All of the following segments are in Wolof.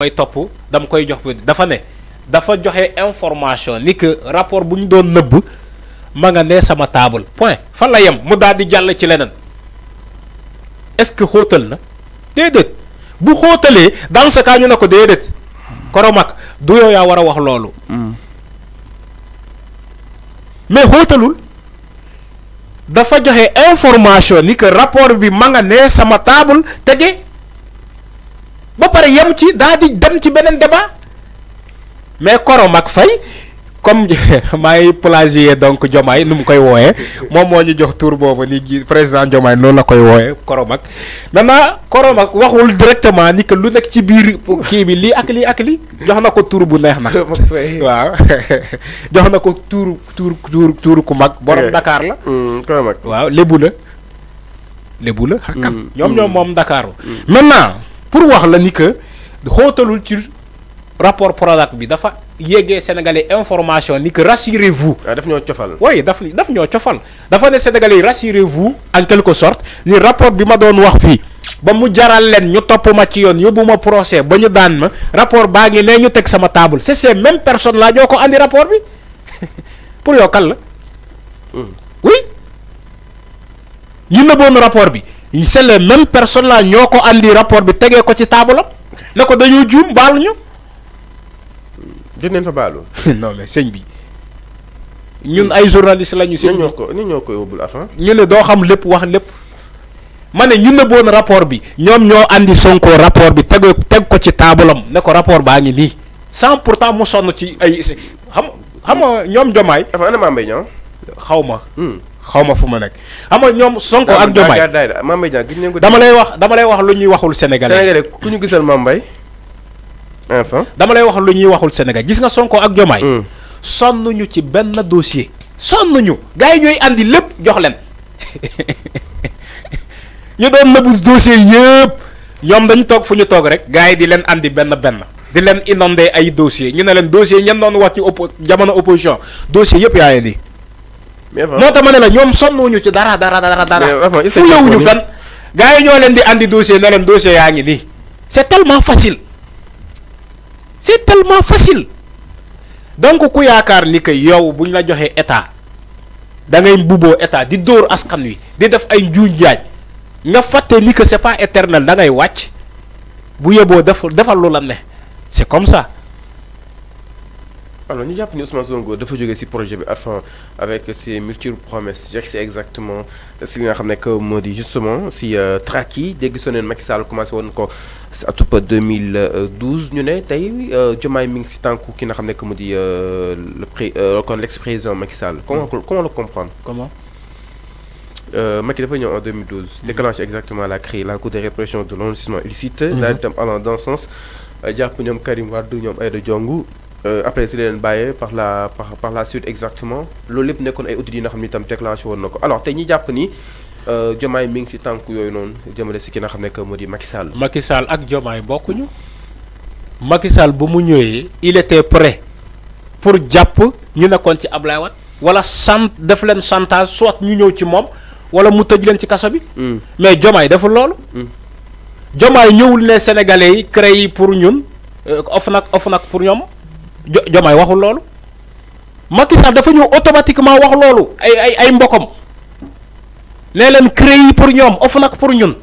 mooy topp dama koy jox dafa ne dafa joxe information ni que rapport bu ñu doon nëbb ma nga ne sama table point fan la yem mu daal di jàll ci leneen est-ce que xóotal na déedéet bu xóotalee dans na ko déedéet koromak du yow yaa war a wax loolu mm. mais xóotalul dafa joxe information ni que rapport bi ma nga ne sama table tege ba pare yem ci daa di dem ci beneen débat mais Koro Mac Faye comme maay plagier donc Diomaye nu mu koy wooyee moom moo ñu jox tur boobu ni ji président Diomaye noonu la koy wooyee Koromak nana Koromak waxul directement ni lu nekk ci biir kii bi lii ak lii ak lii jox na ko tur bu neex na waaw jox na ko tur tur ku mag borom eh. Dakar la Koromak mm, waaw lébu la lébu la xakkat mm, ñoom ñoom mm. moom Dakar maintenant pour wax la ni que xóotalul ci rapport Prodac bi dafa yégué sénégalais information ni que rassurez-vous. Ah, daf ñoo cofal. oui daf daf ñoo cofal dafa né sénégalais rassurez-vous en quelque sorte ni rapport bi ma doon wax fi ba mu jaral leen ñu ma ci yoon yobuma procès ba ñu daan ma rapport ba ngi né ñu tek sama table c'est ces mêmes personnes là ñoko andi rapport bi pour local. kan la. Hmm. oui ñu bon rapport bi. c'est les mêmes personnes là ñoo ko andi rapport bi tegee ko ci taabalam ne ko dañuy juum baal ñu. jot nañ fa sëñ bi ñun ay journaliste la ñu. sëñ ko ni ñoo ko ñu ne doo xam lépp wax lépp ma ne ñu ne boon rapport bi ñoom ñoo andi Sonko rapport bi teg teg ko ci taabalam ne ko rapport baa ngi nii sans pourtant mu sonn ci ay xam xam nga ñoom jomaay. dafa xaw ma. Hmm. xaw ma fu ma nekk xam nga ñoom Sonko ak Diomaye Mame Mbaye Niang gis ngeen ko dama lay wax dama lay wax lu ñuy waxul sénégalais sénégalais ku ñu gisal Mame dama lay wax lu ñuy waxul sénégal gis nga Sonko ak Diomaye hmm. sonn ñu ci benn dossier sonn ñu gars yi ñooy andi lépp jox leen ñu doon nëbbu dossier yëpp ñoom dañu toog fu ñu toog rek gaa yi di leen andi benn benn di leen inondé ay dossier ñu ne leen dossier ñen doon wax ci oppo jamono opposition dossier yëpp yaa ngi nota mana la ne son ñoom ci dara dara dara dara fu yowuñu fen fan yi ñoo leen di andi dossier na leen dossier yaa ngi nii tellement facile c' tellement facile donc ku kar ni que yow buñ la joxee état da ngay mbuboo état di door askan wi di def ay njuuñ jaaj nga fàtte ni que c' est pas éternel da ngay wàcc bu yeboo def defal lu la ne c' kom comme alors nous avons projet avec ces multiples promesses Je sais exactement ce que justement si euh, Traki, Traki, dès Macky commencé 2012 nous avons que euh, le euh, l'ex-président comment le comprendre. comment. Macky en 2012. Mm-hmm. déclenche exactement la crise, la cour de répression de l'enregistrement illicite. Mm-hmm. allons dans sens euh, après tu leen bàyyee par la par par la suite exactement loolu ne nekkoon ay audits yi nga xam ni itam déclenché woon na alors te ñi jàpp ni euh, Diomaye mi ming si tànk yooyu non jëmale si ki n'a xam ne que Macky Sall. Macky Sall ak Diomaye bokkuñu Macky Sall bu mu ñëwee il était prêt pour jàpp ñu nekkoon ci Ablaye Wade wala sant def leen chantage soit ñu ñëw ci moom wala mu tëj len ci kaso bi. Mm. mais Diomaye deful loolu. Mm. Diomaye ñewul né sénégalais yi créé pour ñun euh, OFNAC OFNAC pour ñom jo waxul lolu Macky Sall dafa ça automatiquement wax lolu ay ay ay mbokam créé pour ñom of pour ñun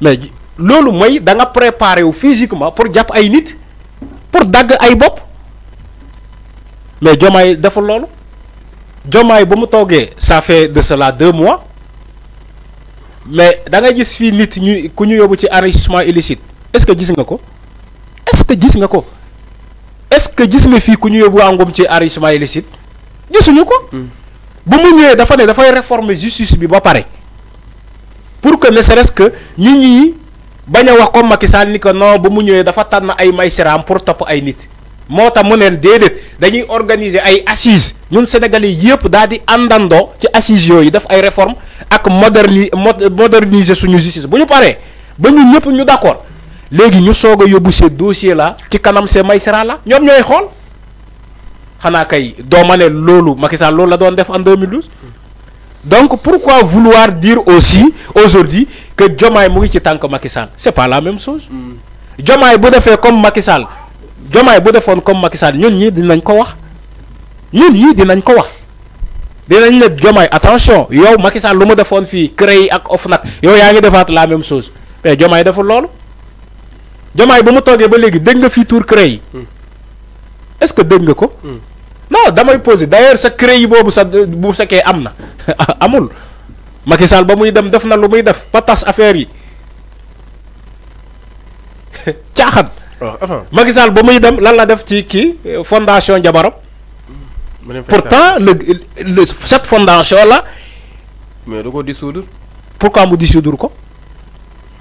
mais vous, moy da nga vous, wu physiquement pour vous, ay nit pour dag ay je mais dafa lolu bu mu togué ça fait de cela deux mois mais da nga gis nit ñu ku ñu ci illicite est-ce que gis nga ko est-ce que gis nga ko. est-ce que gis nga fii ku ñu yóbbu waa Ngom ci enrichissement illicite gisuñu ko. Hmm. bu mu ñëwee dafa ne dafay réformer justice bi ba pare pour que ne serait-ce que ñi ñi bañ a wax comme Macky Sall ni que non bu mu ñëwee dafa tànn ay maysiraam pour topp ay nit moo tax mu neen déedéet dañuy organiser ay assises ñun sénégalais yëpp daal di àndandoo ci assises yooyu def ay réformes ak moderni moderniser suñu justice bu ñu paree ba ñun ñëpp ñu d'accord. léegi ñu soga yobu yóbbu ce dossier là ci kanam ces magistrats là ñom ñoy xol xana kay doo ma ne Macky Sall lolu la doon def en 2012 donc pourquoi vouloir dire aussi aujourd'hui que Diomaye mu ngi ci tank Macky Sall c'est pas la même chose. Mm. Diomaye bu defé comme Macky Sall Diomaye bu defone comme Macky Sall ñun ñi dinañ ko wax ñun ñi dinañ ko wax dinañ ne Diomaye attention yow Macky Sall lu mu defoon fii CREI ak OFNAC yow yaa ngi defaat la même chose mais Diomaye deful lolu Diomaye ba mu toogee ba léegi dégg nga fii tour CREI yi hmm. est-ce que dégg nga ko hmm. non damay posé d'ailleurs sa CREI yi boobu sa bu fekkee am na amul Macky ba muy dem def na lu muy def ba tas affaire yi caaxan oh, Macky ba muy dem lan la def ci kii fondation jabaro hmm. pourtant le le cette fondation là mais da ko pourquoi mu dissoudre ko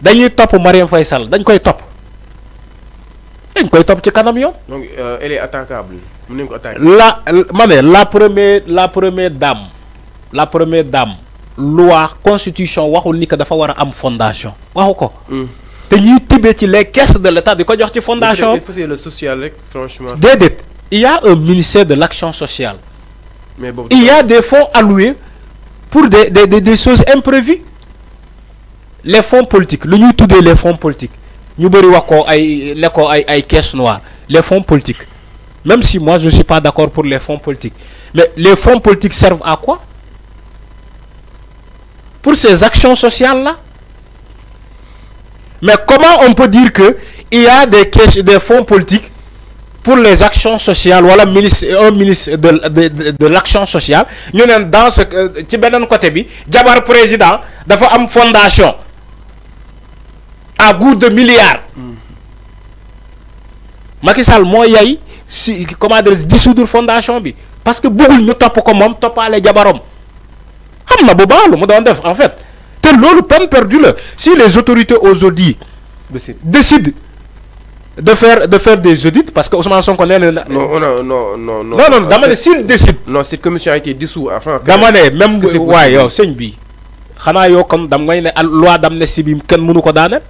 dañuy top Mariam Faisal Sall dañ koy top dañ koy top ci kanam yoon. donc euh, elle est attaquable la ma la première la première dame la première dame. loi constitution waxul ni que dafa wara am fondation waxuko ko. Hmm. te ñuy tibbee ci les caisses de l'État diko conduire jox ci fondation. le social rek franchement. dedet il y a un ministère de l'action sociale. mais bon il y a des fonds alloués pour des des des choses imprévues les fonds politiques le ñuy les fonds politiques Nous bëri ay les fonds politiques même si moi je ne suis pas d'accord pour les fonds politiques mais les fonds politiques servent à quoi pour ces actions sociales là mais comment on peut dire que il y a des caisses des fonds politiques pour les actions sociales voilà ministre un ministre de de de, l'action sociale ñu dans ce euh, ci côté jabar président dafa am fondation à goût de milliards. Macky Sall moo yay si comment dire dissoudre fondation bi parce que bëggul ñu top ko moi, toppaale jabarom les bu ma lu mu mot def en fait te le pomme perdu. le si les autorités aujourd'hui décident de faire de faire des audits parce que Ousmane Sonko nee oh, non non non non non non dama ne s'il décide. non que commission a été dissous enfin. dama ne même waaye yow sëñ bi xanaa yoo kon dam ngay loi d'amnistie bi ken mënu ko daaneel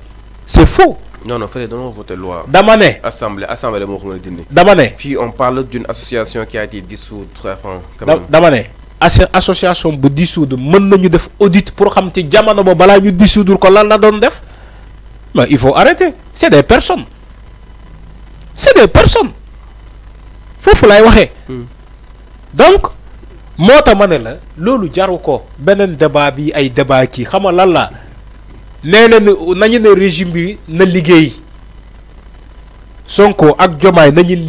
c'est faux. non non fële donner votre loi. dama assemblée assemblée moo xamante le dama Puis, on parle d'une association qui a été dissoute avant. dama association pour dissoudre mën nañu def audit pour xam ci jamono ba balaa ñu dissoudre ko lan la mais il faut arrêter c'est des personnes c'est des personnes Faut lay waxee. Hmm. donc moo tax ma je la loolu jaru ko beneen débat bi ay débat kii régime na Sonko ak nañu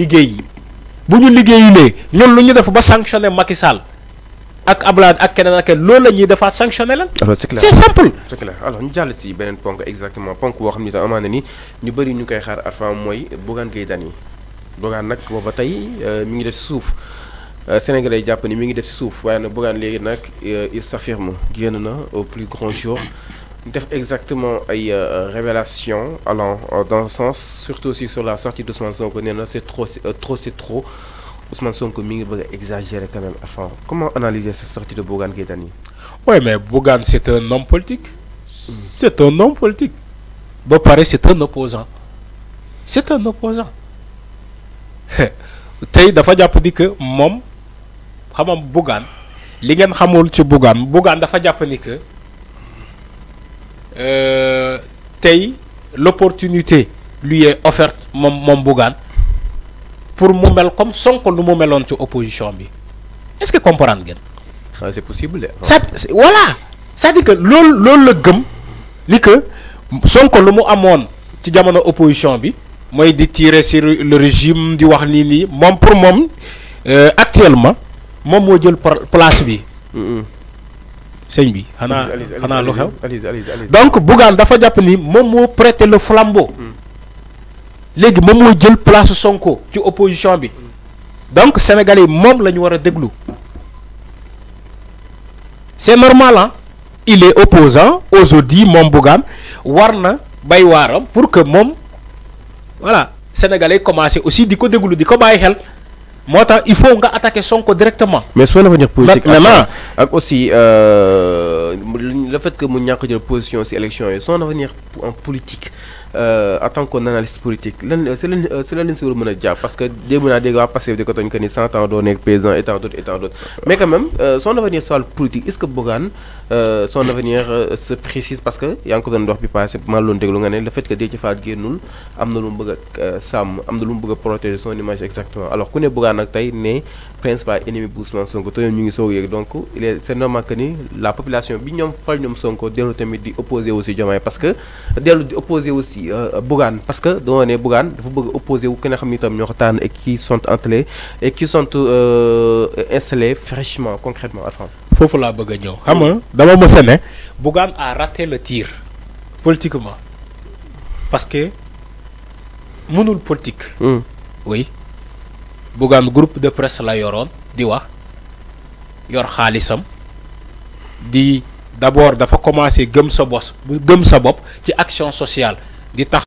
buñu ñun ak Ablad ak c'est simple. c'est clair alors ñu jall ci exactement ponk wo xamni ne nous ni ñu bari ñu koy xaar arfan mooy bourgogne et d'années Bougane nag bataille euh, mi ngi def euh, Sénégalais ni mi ngi def euh, s'affirme au plus grand jour exactement ay euh, révélation allant euh, dans le sens surtout aussi sur la sortie d'Ousmane Sonko c'est trop euh, trop c'est trop Ousmane Sonko mi ngi exagérer quand même enfin comment analyser cette sortie de Bougane guédani ouais mais Bogan c'est un homme politique c'est un homme politique bon pareil c'est un opposant c'est un opposant tu dafa japp di que mon xamam Bougane li ngeen xamul ci Bougane Bougane dafa japp que euh, l'opportunité lui est offerte mon pour mon comme son lu mu meloon ci opposition est-ce que comprendre ah, c'est possible. voilà ça dit que le le le gomme li que Sonko lu mu ci jamono opposition bi mooy di tirer sur le régime du wax mon membre pour euh, actuellement mon module pour place bi. Seigne bi xana xew donc Bougane dafa japp ni mon mo prêter le flambeau mm. les Momo jël place Sonko ci opposition bi mm. donc Sénégalais mom le la déglu c'est normal hein? il est opposant aux audis Bougane warna warna bay pour que mom voilà Sénégalais commencé aussi di ko déglu di ko bàyyi xel moi il faut nga attaquer Sonko directement. mais son la politique aussi euh, le fait que mu ait position ci élection son avenir en politique. Euh, en tant qu'analyste politique C'est euh, si lan euh, si lan parce que des naa dégg waa de di ko tooñ que ni cent ans doo nekk président et tant d'autres et tant d'autres mais quand même son avenir soit politique est-ce que Bougane son avenir se précise parce que il y ko encore dox bi passé maa loon déglu nga le fait que des Fall génnul am na lu mu Sam a sàmm am protéger son image exactement alors qu'on est Bougane nag tey ne principal ennemi bu son Sonko te ñoom ñu ngi donc il est c'est normal que ni la population bi ñoom fal ñoom Sonko dellu tamit di opposé aussi jamais parce que dellu di opposé aussi euh, Bougane parce que dans les Bougane vous bëgg opposé wu ki et qui sont entrés et qui sont euh, installés fraîchement concrètement Arfan. la la bëgg a ñëw xam nga dama c'est a raté le tir politiquement parce que munul politique. Hmm. oui Bougane groupe de presse la Yoron. diwa yor Khalisam. di. d'abord dafa commencer gëm sa boss gëm sa action sociale di tax